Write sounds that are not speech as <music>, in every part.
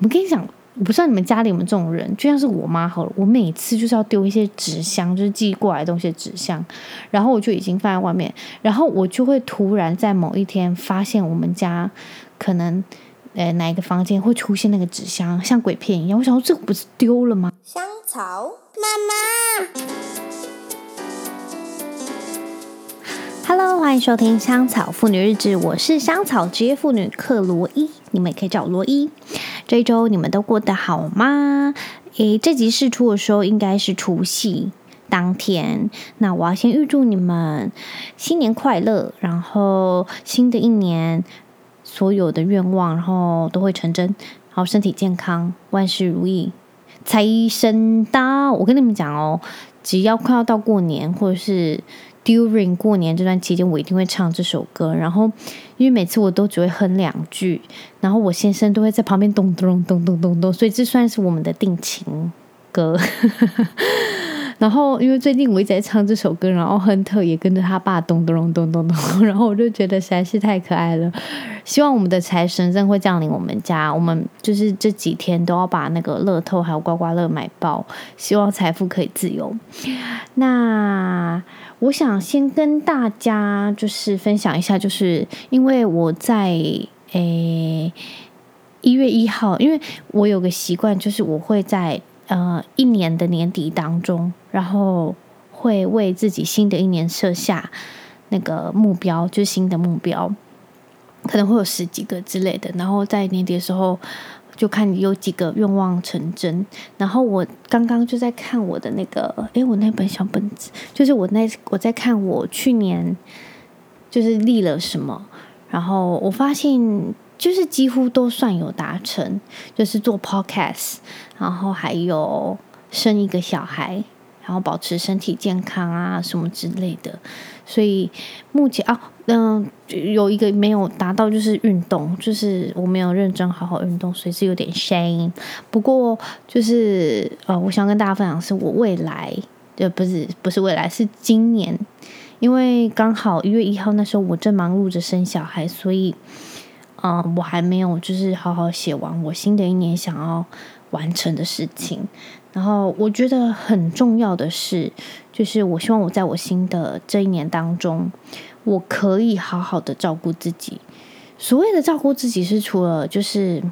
我跟你講，我不知道你們家裡有沒有這種人，就像是我媽好了。我每次就是要丟一些紙箱，就是寄過來的東西的紙箱，然後我就已經放在外面，然後我就會突然在某一天發現我們家可能呃，哪一個房間會出現那個紙箱，像鬼片一樣。我想說，我這個不是丟了嗎？香草媽媽，Hello，歡迎收聽《香草婦女日誌》，我是香草職業婦女克羅伊，你們也可以叫我羅伊。這週你們都過得好嗎？誒，這集釋出的時候應該是除夕當天。那我要先預祝你們新年快樂，然後新的一年所有的願望然後都會成真，然後身體健康，萬事如意，財神到。我跟你們講哦，只要快要到過年或者是。during 過年這段期間，我一定會唱這首歌。然後，因為每次我都只會哼兩句，然後我先生都會在旁邊咚咚咚咚咚咚，所以這算是我們的定情歌。 <laughs> 然後，因為最近我一直在唱這首歌，然後亨特也跟着他爸咚咚咚咚咚咚咚，然後我就覺得實在是太可愛了。希望我們的財神真會降臨我們家，我們就是這幾天都要把那個樂透還有刮刮樂買爆，希望財富可以自由。那我想先跟大家就是分享一下，就是因為我在誒一月一號，因為我有個習慣，就是我會在。呃，一年的年底當中，然後會為自己新的一年設下那個目標，就是新的目標，可能會有十幾個之類的。然後在年底的時候，就看你有幾個願望成真。然後我剛剛就在看我的那個，誒，我那本小本子，就是我那我在看我去年就是立了什麼，然後我發現，就是幾乎都算有達成，就是做 podcast，然後還有生一個小孩，然後保持身體健康啊什麼之類的。所以目前啊，嗯，有一個沒有達到，就是運動，就是我沒有認真好好運動，所以是有點 shame。不過就是呃，我想跟大家分享的是，我未來呃不是不是未來是今年，因為剛好一月一號那時候我正忙碌着生小孩，所以。嗯，我還沒有就是好好寫完我新的一年想要完成的事情。然後我覺得很重要的是，就是我希望我在我新的這一年當中，我可以好好的照顧自己。所謂的照顧自己，是除了就是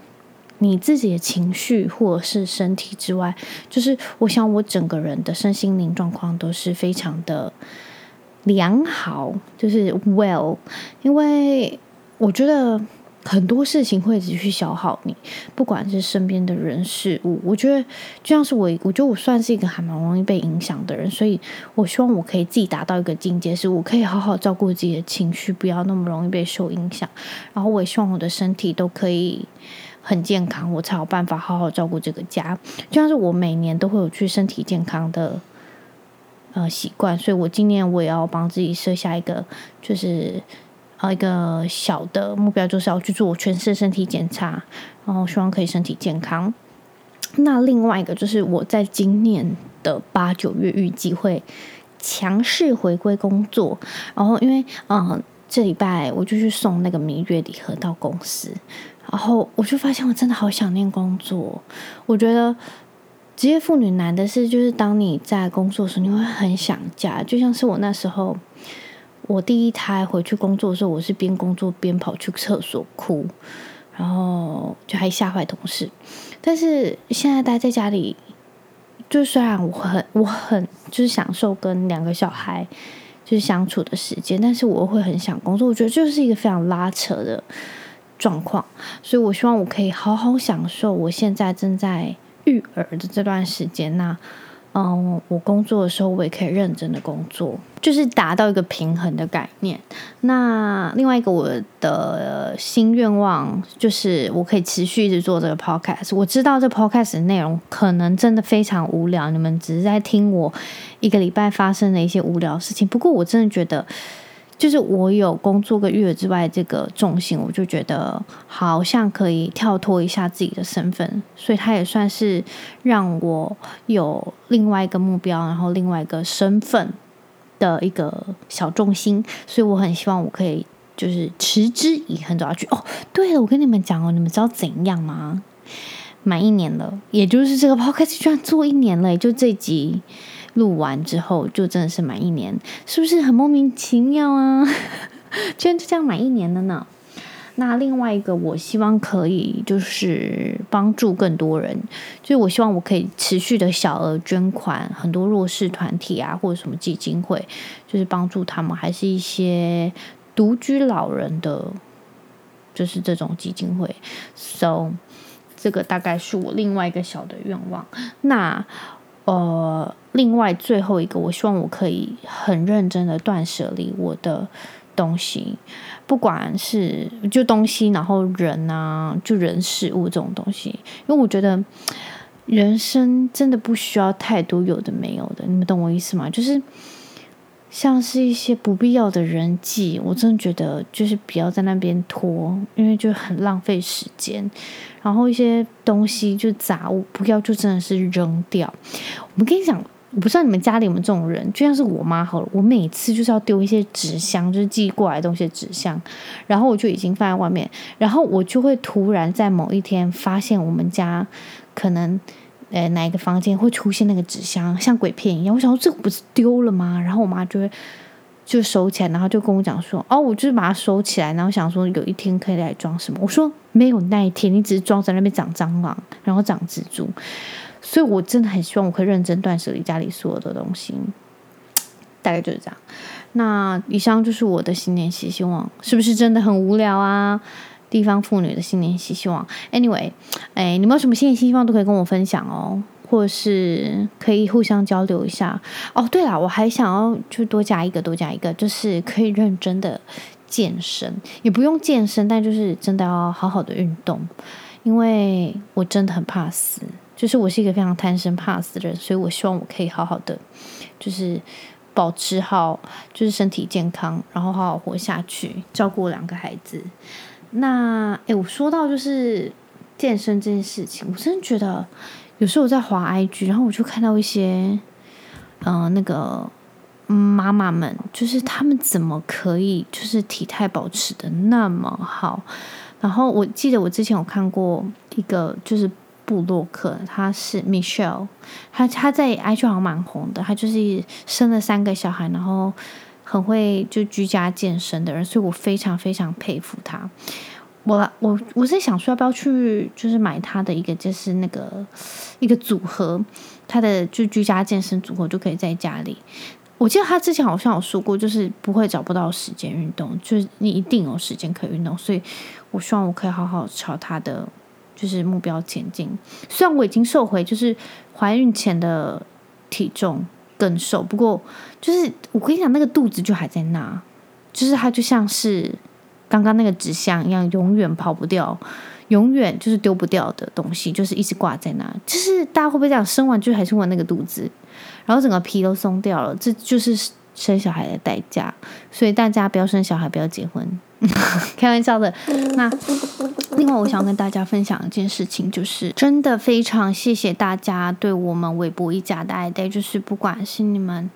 你自己的情緒或者是身體之外，就是我想我整個人的身心靈狀況都是非常的良好，就是 well。因為我覺得。很多事情會持續消耗你，不管是身邊的人事物。我覺得就像是我，我覺得我算是一個還蠻容易被影響的人，所以我希望我可以自己達到一個境界，是我可以好好照顧自己的情緒，不要那麼容易被受影響。然後我也希望我的身體都可以很健康，我才有辦法好好照顧這個家。就像是我每年都會有去身體健康的呃習慣，所以我今年我也要幫自己設下一個，就是。然後一個小的目標就是要去做全身身體檢查，然後希望可以身體健康。那另外一個就是我在今年的八九月預計會強勢回歸工作。然後因為嗯，這禮拜我就去送那個彌月禮盒，到公司，然後我就發現我真的好想念工作。我覺得職業婦女難的是，就是當你在工作的時候，你會很想家，就像是我那時候。我第一胎回去工作的時候，我是邊工作邊跑去廁所哭，然後就還嚇壞同事。但是現在待在家裡，就雖然我很我很就是享受跟兩個小孩就是相處的時間，但是我會很想工作。我覺得就是一個非常拉扯的狀況，所以我希望我可以好好享受我現在正在育兒的這段時間、啊。那。嗯，我工作的時候，我也可以認真的工作，就是達到一個平衡的概念。那另外一個我的新願望，就是我可以持續一直做這個 podcast。我知道這 podcast 的內容可能真的非常無聊，你們只是在聽我一個禮拜發生的一些無聊事情。不過我真的覺得。就是我有工作個月之外這個重心，我就覺得好像可以跳脫一下自己的身份，所以它也算是讓我有另外一個目標，然後另外一個身份的一個小重心。所以我很希望我可以就是持之以恆走下去。哦，對了，我跟你們講哦，你們知道怎樣嗎？滿一年了，也就是這個 podcast 居然做一年了，就這集。錄完之後就真的是滿一年，是不是很莫名其妙啊？ <laughs> 居然就這樣滿一年了呢？那另外一個，我希望可以就是幫助更多人，就我希望我可以持續的小額捐款，很多弱勢團體啊，或者什麼基金會，就是幫助他們，還是一些獨居老人的，就是這種基金會。So，這個大概是我另外一個小的願望。那。呃，另外最後一個，我希望我可以很認真的斷捨離我的東西，不管是就東西，然後人啊，就人事物這種東西，因為我覺得人生真的不需要太多有的沒有的，你們懂我意思嗎？就是像是一些不必要的人際，我真的覺得就是不要在那邊拖，因為就很浪費時間。然後一些東西就雜物不要，就真的是扔掉。我跟你講，我不知道你們家裡有沒有這種人，就像是我媽好了，我每次就是要丟一些紙箱，就是寄過來的東西的紙箱，然後我就已經放在外面，然後我就會突然在某一天發現我們家可能呃哪一個房間會出現那個紙箱，像鬼片一樣。我想說這個不是丟了嗎？然後我媽就會。就收起來，然後就跟我講說，哦，我就是把它收起來，然後想說有一天可以來裝什麼。我說沒有那一天，你只是裝在那邊長蟑螂，然後長蜘蛛。所以，我真的很希望我可以認真斷舍離家裡所有的東西。大概就是這樣。那以上就是我的新年新希望，是不是真的很無聊啊？地方婦女的新年新希望。Anyway，哎，你們有什麼新年新希望都可以跟我分享哦。或者是可以互相交流一下哦。Oh, 對了，我還想要就多加一個，多加一個，就是可以認真的健身，也不用健身，但就是真的要好好的運動，因為我真的很怕死，就是我是一個非常貪生怕死的人，所以我希望我可以好好的，就是保持好就是身體健康，然後好好活下去，照顧兩個孩子。那誒，我說到就是健身這件事情，我真的覺得。有時候我在滑 IG，然後我就看到一些，嗯、呃，那個媽媽們，就是他們怎麼可以就是體態保持得那麼好？然後我記得我之前有看過一個，就是部落客，他是 Michelle，他他在 IG 好像蠻紅的，他就是生了三個小孩，然後很會就居家健身的人，所以我非常非常佩服他。我我我是想說，要不要去就是買他的一個就是那個一個組合，他的就居家健身組合就可以在家裡。我記得他之前好像有說過，就是不會找不到時間運動，就是你一定有時間可以運動。所以我希望我可以好好朝他的就是目標前進。雖然我已經瘦回就是懷孕前的體重更瘦，不過就是我跟你講，那個肚子就還在那，就是它就像是。剛剛那個紙箱一樣，永遠跑不掉，永遠就是丟不掉的東西，就是一直掛在那。就是大家會不會這樣生完就還是問那個肚子，然後整個皮都鬆掉了，這就是生小孩的代價。所以大家不要生小孩，不要結婚， <laughs> 開玩笑的。那另外，我想跟大家分享一件事情，就是真的非常謝謝大家對我們微博一家的愛戴，就是不管是你們，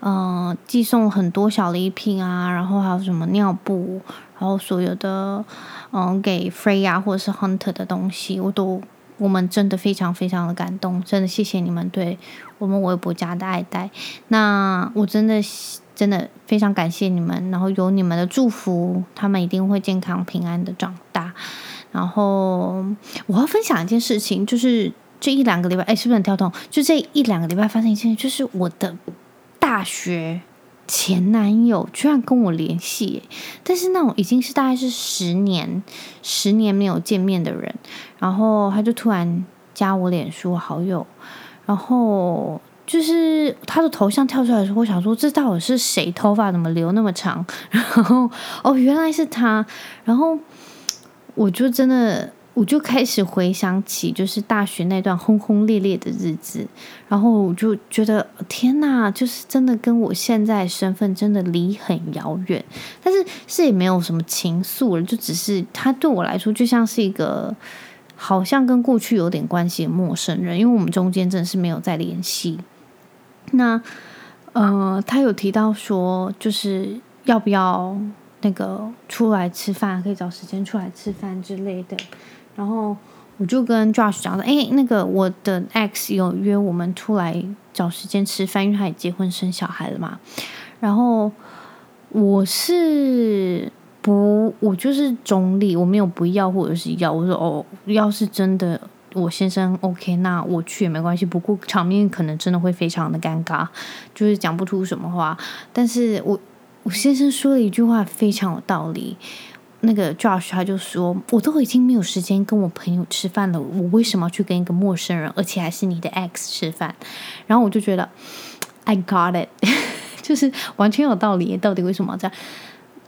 呃，寄送很多小禮品啊，然後還有什麼尿布。然後所有的，嗯，給 Freya，或者是 Hunter 的東西，我都，我們真的非常非常的感動，真的謝謝你們對我們微博家的愛戴。那我真的真的非常感謝你們，然後有你們的祝福，他們一定會健康平安的長大。然後我要分享一件事情，就是這一兩個禮拜，哎，是不是很跳痛？就這一兩個禮拜發生一件事情，就是我的大學。前男友居然跟我聯繫耶，但是那種已經是大概是十年，十年沒有見面的人，然後他就突然加我臉書好友，然後就是他的頭像跳出來的時候，我想說這到底是誰？頭髮怎麼留那麼長？然後哦，原來是他，然後我就真的。我就開始回想起，就是大學那段轟轟烈烈的日子，然後我就覺得天吶，就是真的跟我現在身份真的離很遙遠，但是是也沒有什麼情愫了，就只是他對我來說就像是一個好像跟過去有點關係的陌生人，因為我們中間真的是沒有再聯繫。那呃，他有提到說，就是要不要那個出來吃飯，可以找時間出來吃飯之類的。然後我就跟 Josh 講說，誒，那個我的 ex 有約我們出來找時間吃飯，因為他也結婚生小孩了嘛。然後我是不，我就是中立，我沒有不要或者是要。我說哦，要是真的我先生 OK，那我去也沒關係。不過場面可能真的會非常的尷尬，就是講不出什麼話。但是我我先生說了一句話非常有道理。那個 Josh 他就說，我都已經沒有時間跟我朋友吃飯了，我為什麼要去跟一個陌生人，而且還是你的 ex 吃飯？然後我就覺得 I got it， <laughs> 就是完全有道理。到底為什麼這樣？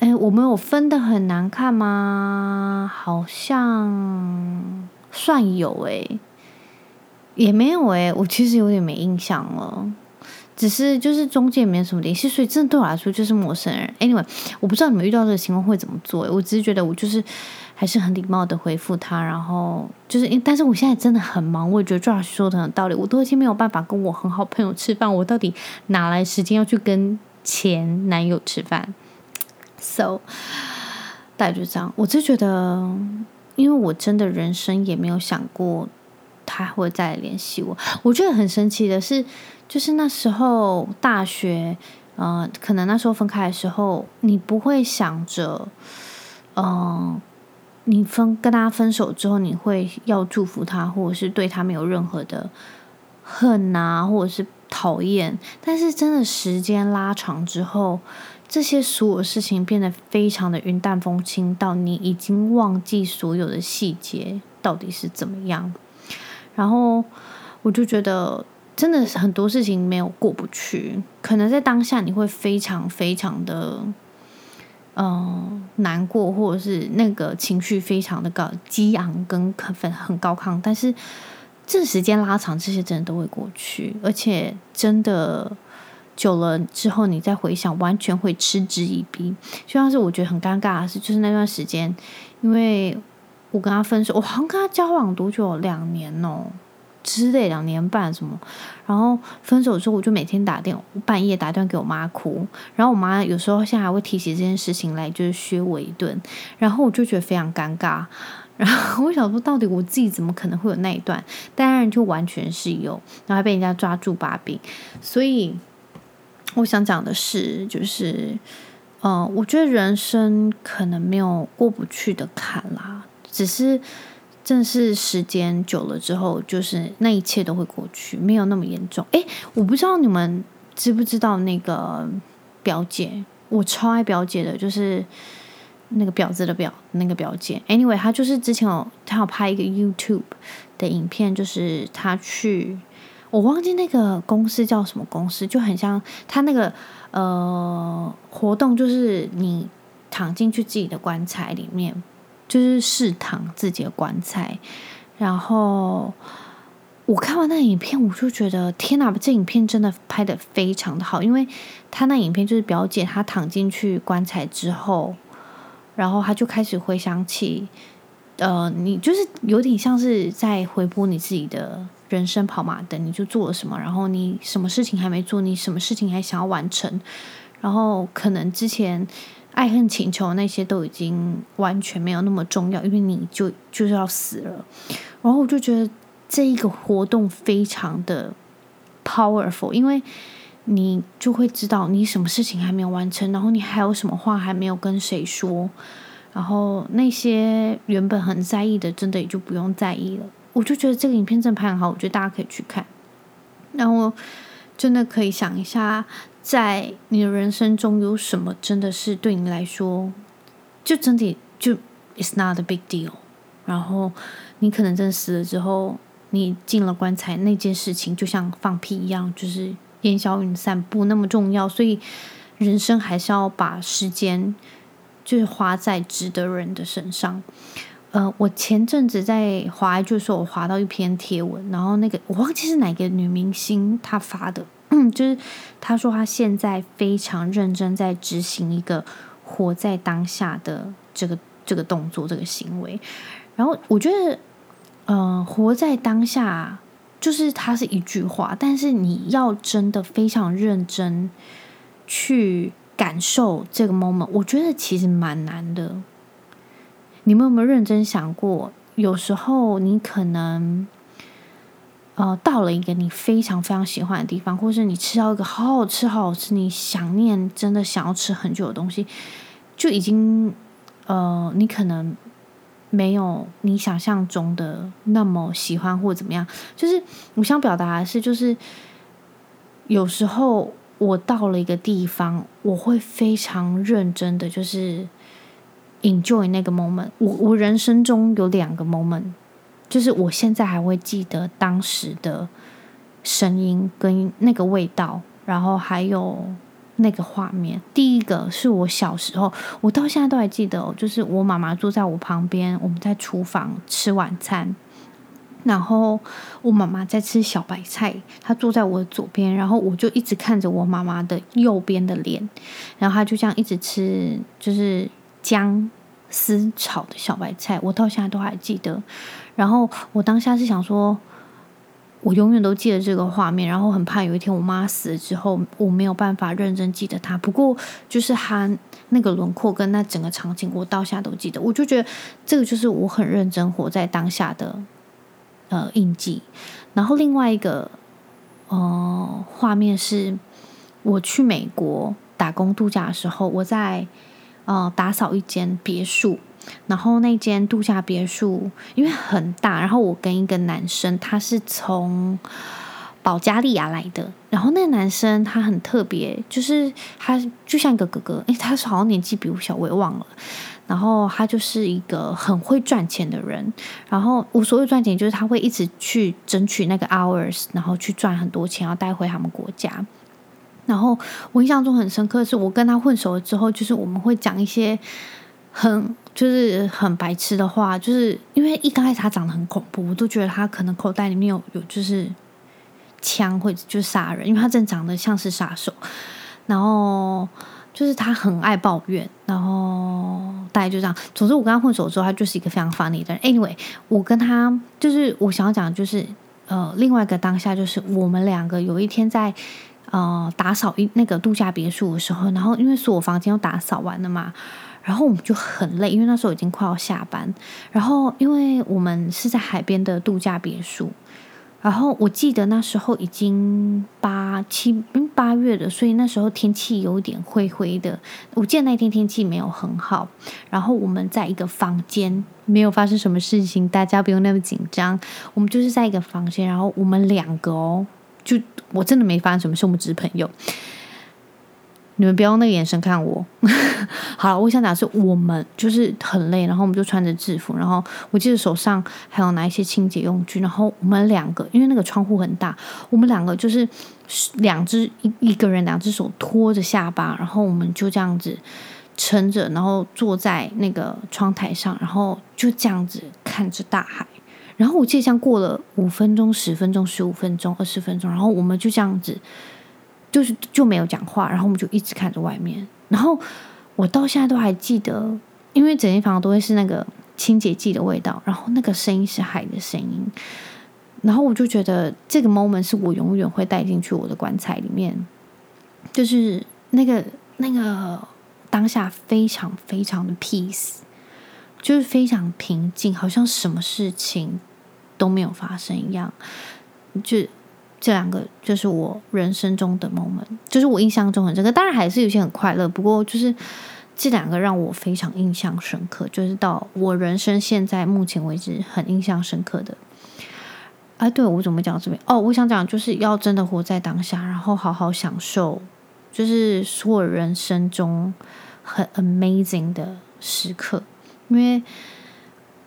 哎，我們有分的很難看嗎？好像算有誒，也沒有誒，我其實有點沒印象了。只是就是中間沒有什麼聯繫，所以真的對我來說就是陌生人。Anyway，我不知道你們遇到這個情況會怎麼做，欸。我只是覺得我就是還是很禮貌的回復他，然後就是、欸，但是我現在真的很忙，我也覺得 j 老師說的很有道理。我都已經沒有辦法跟我很好朋友吃飯，我到底哪來時間要去跟前男友吃飯？So，大概就這樣。我就覺得，因為我真的人生也沒有想過。還會再聯繫我。我覺得很神奇的是，就是那時候大學，呃，可能那時候分開的時候，你不會想着，嗯、呃，你分跟他分手之後，你會要祝福他，或者是對他沒有任何的恨啊，或者是討厭。但是真的時間拉長之後，這些所有事情變得非常的雲淡風輕，到你已經忘記所有的細節到底是怎麼樣。然後我就覺得，真的是很多事情沒有過不去。可能在當下你會非常非常的，嗯、呃，難過，或者是那個情緒非常的高激昂跟很很高亢。但是這時間拉長，這些真的都會過去。而且真的久了之後，你再回想，完全會嗤之以鼻。就像是我覺得很尷尬的事，就是那段時間，因為。我跟他分手，我好像跟他交往多久？兩年哦，之類，兩年半什麼？然後分手之後，我就每天打電話，半夜打電話給我媽哭。然後我媽有時候現在還會提起這件事情來，就是削我一頓。然後我就覺得非常尷尬。然後我想說，到底我自己怎麼可能會有那一段？當然就完全是有，然後還被人家抓住把柄。所以我想講的是，就是，嗯、呃，我覺得人生可能沒有過不去的坎啦。只是，正是時間久了之後，就是那一切都會過去，沒有那麼嚴重。誒，我不知道你們知不知道那個表姐，我超愛表姐的，就是那個婊子的婊，那個表姐。Anyway，她就是之前有，她有拍一個 YouTube 的影片，就是她去，我忘記那個公司叫什麼公司，就很像她那個呃活動，就是你躺進去自己的棺材裡面。就是試躺自己的棺材，然後我看完那影片，我就覺得天哪！這影片真的拍得非常的好，因為他那影片就是表姐她躺進去棺材之後，然後她就開始回想起，呃，你就是有點像是在回播你自己的人生跑馬燈，你就做了什麼，然後你什麼事情還沒做，你什麼事情還想要完成，然後可能之前。愛恨情仇那些都已經完全沒有那麼重要，因為你就就是要死了。然後我就覺得這一個活動非常的 powerful，因為你就會知道你什麼事情還沒有完成，然後你還有什麼話還沒有跟誰說，然後那些原本很在意的，真的也就不用在意了。我就覺得這個影片真的拍很好，我覺得大家可以去看。然後。真的可以想一下，在你的人生中有什麼真的是對你來說，就真的就 It's not a big deal。然後你可能真的死了之後，你進了棺材，那件事情就像放屁一樣，就是煙消雲散，不那麼重要。所以人生還是要把時間就是花在值得人的身上。呃，我前陣子在滑，就是我滑到一篇貼文，然後那個我忘記是哪個女明星她發的，嗯，就是她說她現在非常認真在執行一個活在當下的這個這個動作這個行為，然後我覺得，嗯、呃，活在當下就是它是一句話，但是你要真的非常認真去感受這個 moment，我覺得其實蠻難的。你們有沒有認真想過？有時候你可能，呃，到了一個你非常非常喜歡的地方，或是你吃到一個好好吃、好好吃，你想念、真的想要吃很久的東西，就已經呃，你可能沒有你想象中的那麼喜歡，或怎麼樣。就是我想表達的是，就是有時候我到了一個地方，我會非常認真的，就是。Enjoy 那個 moment，我我人生中有兩個 moment，就是我現在還會記得當時的聲音跟那個味道，然後還有那個畫面。第一個是我小時候，我到現在都還記得，哦，就是我媽媽坐在我旁邊，我們在廚房吃晚餐，然後我媽媽在吃小白菜，她坐在我的左邊，然後我就一直看着我媽媽的右邊的臉，然後她就這樣一直吃，就是薑。絲炒的小白菜，我到現在都還記得。然後我當下是想說，我永遠都記得這個畫面。然後很怕有一天我媽死了之後，我沒有辦法認真記得她。不過就是她那個輪廓跟那整個場景，我到現在都記得。我就覺得這個就是我很認真活在當下的呃印記。然後另外一個呃畫面是，我去美國打工度假的時候，我在。呃，打掃一間別墅，然後那間度假別墅因為很大，然後我跟一個男生，他是從保加利亞來的，然後那個男生他很特別，就是他就像一個哥哥，誒，他是好像年紀比我小，我也忘了，然後他就是一個很會賺錢的人，然後我所謂賺錢就是他會一直去爭取那個 hours，然後去賺很多錢，要帶回他們國家。然後我印象中很深刻的是，我跟他混熟了之後，就是我們會講一些很就是很白痴的話，就是因為一剛開始他長得很恐怖，我都覺得他可能口袋裡面有有就是槍或者就殺人，因為他真長得像是殺手。然後就是他很愛抱怨，然後大概就這樣。總之我跟他混熟之後，他就是一個非常 funny 的人。Anyway，我跟他就是我想要講的就是呃另外一個當下就是我們兩個有一天在。呃，打掃一那個度假別墅的時候，然後因為所有房間都打掃完了嘛，然後我們就很累，因為那時候已經快要下班。然後因為我們是在海邊的度假別墅，然後我記得那時候已經八七八月的，所以那時候天氣有點灰灰的。我記得那天天氣沒有很好。然後我們在一個房間，沒有發生什麼事情，大家不用那麼緊張。我們就是在一個房間，然後我們兩個哦。就我真的沒發現什麼，是我們只是朋友。你們不要用那個眼神看我。 <laughs> 好了，我想講是我們就是很累，然後我們就穿着制服，然後我記得手上還有拿一些清潔用具，然後我們兩個因為那個窗戶很大，我們兩個就是兩隻一一個人兩隻手托着下巴，然後我們就這樣子撐着，然後坐在那個窗台上，然後就這樣子看着大海。然後我記得像過了五分鐘、十分鐘、十五分鐘、二十分鐘，然後我們就這樣子，就是就沒有講話，然後我們就一直看着外面。然後我到現在都還記得，因為整間房都會是那個清潔劑的味道，然後那個聲音是海的聲音。然後我就覺得這個 moment 是我永遠會帶進去我的棺材裡面，就是那個那個當下非常非常的 peace。就是非常平靜，好像什麼事情都沒有發生一樣。就這兩個，就是我人生中的 moment，就是我印象中很深刻，當然還是有些很快樂。不過就是這兩個讓我非常印象深刻，就是到我人生現在目前為止很印象深刻的。哎、啊，對，我怎麼講到這邊？哦，我想講就是要真的活在當下，然後好好享受，就是所有人生中很 amazing 的時刻。因為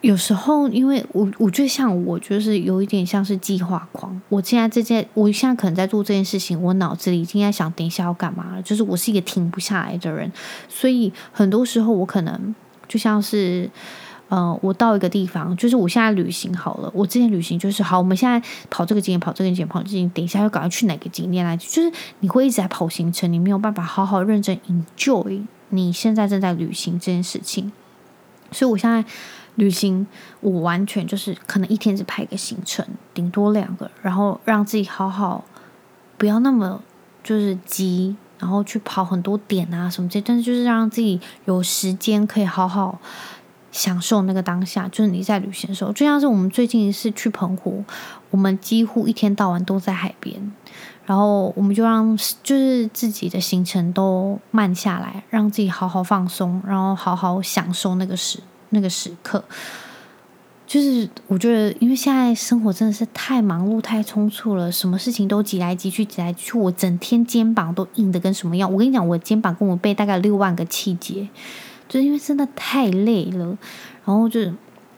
有時候，因為我我覺得像我就是有一點像是計劃狂。我現在這件，我現在可能在做這件事情，我腦子裡已經在想，等一下要幹嘛了。就是我是一個停不下來的人，所以很多時候我可能就像是，呃，我到一個地方，就是我現在旅行好了，我之前旅行就是好，我們現在跑這個景點，跑這個景點，跑這個景點，等一下又趕快去哪個景點來，就是你會一直在跑行程，你沒有辦法好好認真 enjoy 你現在正在旅行這件事情。所以，我現在旅行，我完全就是可能一天只排一個行程，頂多兩個，然後讓自己好好，不要那麼就是急，然後去跑很多點啊什麼之類的，但是，就是讓自己有時間可以好好享受那個當下。就是你在旅行的時候，就像是我們最近是去澎湖，我們幾乎一天到晚都在海邊。然後我們就讓，就是自己的行程都慢下來，讓自己好好放鬆，然後好好享受那個時那個時刻。就是我覺得，因為現在生活真的是太忙碌、太匆促了，什麼事情都擠來擠去、擠來擠去，我整天肩膀都硬的跟什麼樣？我跟你講，我肩膀跟我背大概六萬個氣節，就是因為真的太累了，然後就。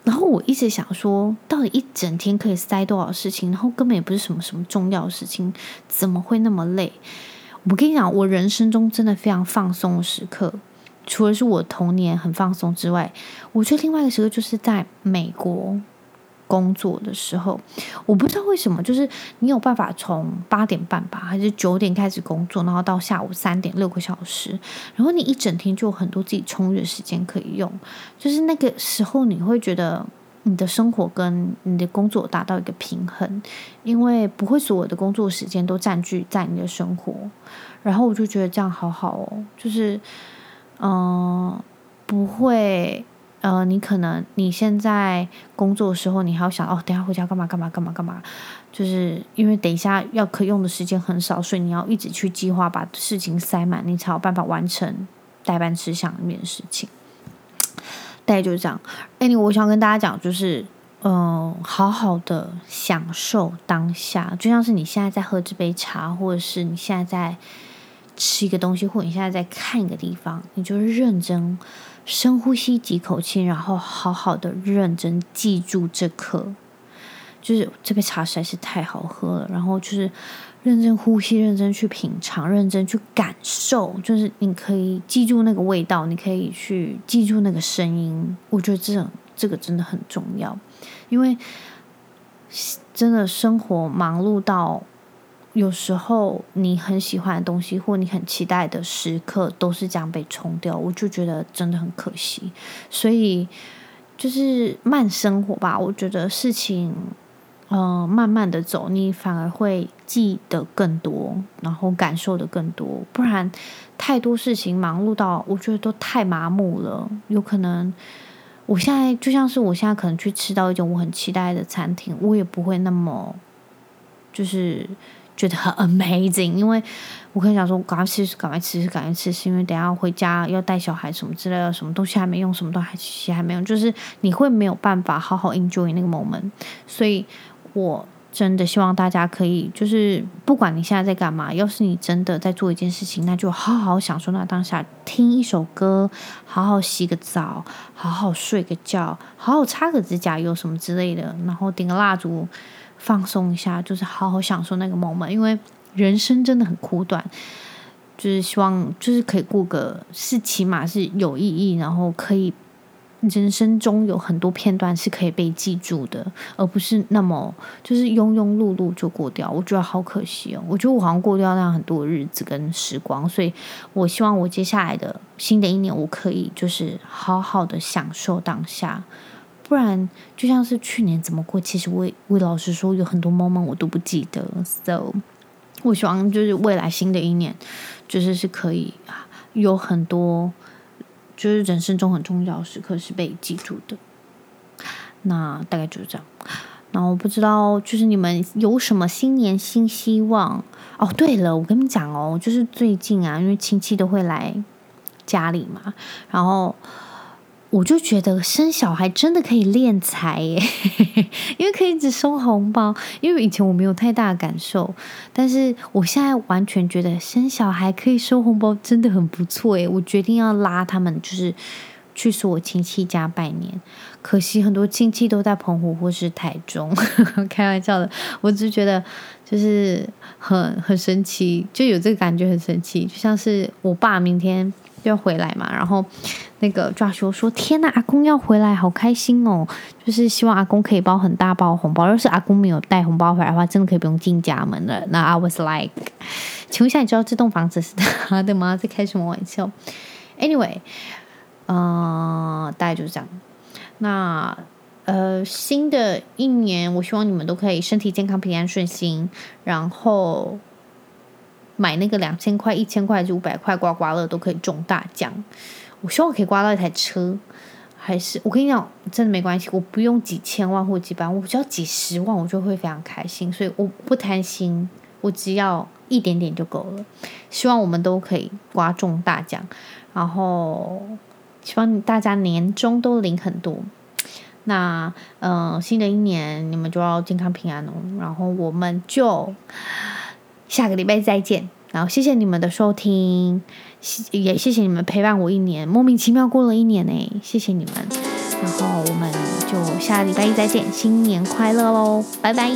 然後我一直想說，到底一整天可以塞多少事情？然後根本也不是什麼什麼重要的事情，怎麼會那麼累？我跟你講，我人生中真的非常放鬆的時刻，除了是我童年很放鬆之外，我覺得另外一個時刻就是在美國工作的時候，我不知道為什麼，就是你有辦法從八點半吧，還是九點開始工作，然後到下午三點六個小時，然後你一整天就有很多自己充裕的時間可以用。就是那個時候，你會覺得你的生活跟你的工作達到一個平衡，因為不會所有的工作時間都占據在你的生活。然後我就覺得這樣好好哦，就是嗯、呃，不會。呃，你可能你現在工作的時候，你還要想哦，等一下回家幹嘛幹嘛幹嘛幹嘛，就是因為等一下要可用的時間很少，所以你要一直去計劃，把事情塞滿，你才有辦法完成待辦事項裡面的事情。大概就是這樣。哎、欸，你我想跟大家講，就是嗯、呃，好好的享受當下，就像是你現在在喝這杯茶，或者是你現在在。吃一個東西，或者你現在在看一個地方，你就是認真深呼吸幾口氣，然後好好的認真記住這刻。就是這杯茶實在是太好喝了，然後就是認真呼吸，認真去品嘗，認真去感受。就是你可以記住那個味道，你可以去記住那個聲音。我覺得這這個真的很重要，因為真的生活忙碌到。有時候你很喜歡的東西，或你很期待的時刻，都是這樣被沖掉。我就覺得真的很可惜。所以就是慢生活吧。我覺得事情嗯、呃，慢慢的走，你反而會記得更多，然後感受的更多。不然太多事情忙碌到，我覺得都太麻木了。有可能我現在就像是我現在可能去吃到一種我很期待的餐廳，我也不會那麼就是。覺得很 amazing，因為我剛想說，趕快吃是，趕快吃是，趕快吃是，是因為等一下回家要帶小孩什麼之類的，什麼東西還沒用，什麼都還其實還沒用，就是你會沒有辦法好好 enjoy 那個 moment，所以我真的希望大家可以，就是不管你現在在幹嘛，要是你真的在做一件事情，那就好好享受那當下，聽一首歌，好好洗個澡，好好睡個覺，好好擦個指甲油什麼之類的，然後點個蠟燭。放鬆一下，就是好好享受那個 moment，因為人生真的很苦短。就是希望，就是可以過個是起碼是有意義，然後可以人生中有很多片段是可以被記住的，而不是那麼就是庸庸碌碌就過掉。我覺得好可惜哦！我覺得我好像過掉那樣很多日子跟時光，所以我希望我接下來的新的一年，我可以就是好好的享受當下。不然，就像是去年怎麼過？其實我我老實說有很多 moment 我都不記得，so 我希望就是未來新的一年，就是是可以有很多，就是人生中很重要的時刻是被記住的。那大概就是這樣。然後我不知道就是你們有什麼新年新希望？哦，對了，我跟你講哦，就是最近啊，因為親戚都會來家裡嘛，然後。我就覺得生小孩真的可以斂財耶，因為可以一直收紅包。因為以前我沒有太大的感受，但是我現在完全覺得生小孩可以收紅包真的很不錯耶。我決定要拉他們，就是去說我親戚家拜年。可惜很多親戚都在澎湖或是台中，開玩笑的。我只是覺得就是很很神奇，就有這個感覺，很神奇，就像是我爸明天。要回來嘛？然後那個抓熊說：“天哪，阿公要回來，好開心哦！就是希望阿公可以包很大包紅包。要是阿公沒有帶紅包回來的話，真的可以不用進家門了。”那 I was like，請問一下，你知道這棟房子是他的嗎？在開什麼玩笑？Anyway，呃，大概就是這樣。那呃，新的一年，我希望你們都可以身體健康、平安順心。然後。買那個兩千塊、一千塊還是五百塊刮刮樂都可以中大獎，我希望我可以刮到一台車，還是我跟你講，真的沒關係，我不用幾千萬或幾百萬，我只要幾十萬我就會非常開心，所以我不貪心，我只要一點點就夠了。希望我們都可以刮中大獎，然後希望大家年終都領很多。那嗯、呃，新的一年你們就要健康平安哦，然後我們就。下個禮拜再見，然後謝謝你們的收聽，也謝謝你們陪伴我一年，莫名其妙過了一年呢，謝謝你們，然後我們就下個禮拜一再見，新年快樂哦，拜拜。